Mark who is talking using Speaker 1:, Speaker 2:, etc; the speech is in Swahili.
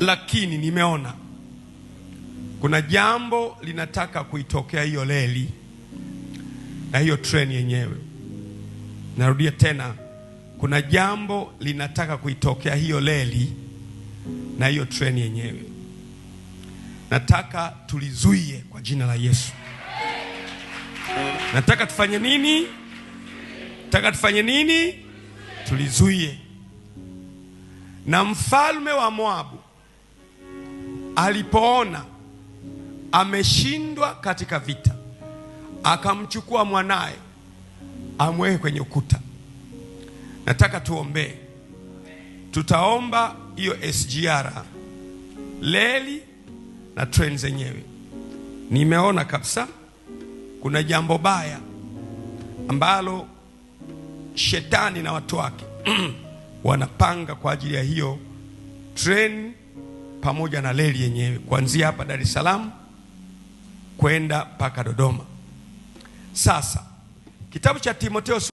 Speaker 1: lakini nimeona kuna jambo linataka kuitokea hiyo leli na hiyo treni yenyewe. Narudia tena, kuna jambo linataka kuitokea hiyo leli na hiyo treni yenyewe. Nataka tulizuie kwa jina la Yesu. Nataka tufanye nini? Nataka tufanye nini? Tulizuie. Na mfalme wa Moabu Alipoona ameshindwa katika vita, akamchukua mwanaye amweke kwenye ukuta. Nataka tuombee, tutaomba hiyo SGR leli na treni zenyewe. Nimeona kabisa kuna jambo baya ambalo shetani na watu wake wanapanga kwa ajili ya hiyo treni pamoja na reli yenyewe kuanzia hapa Dar es Salaam kwenda mpaka Dodoma. Sasa kitabu cha Timotheo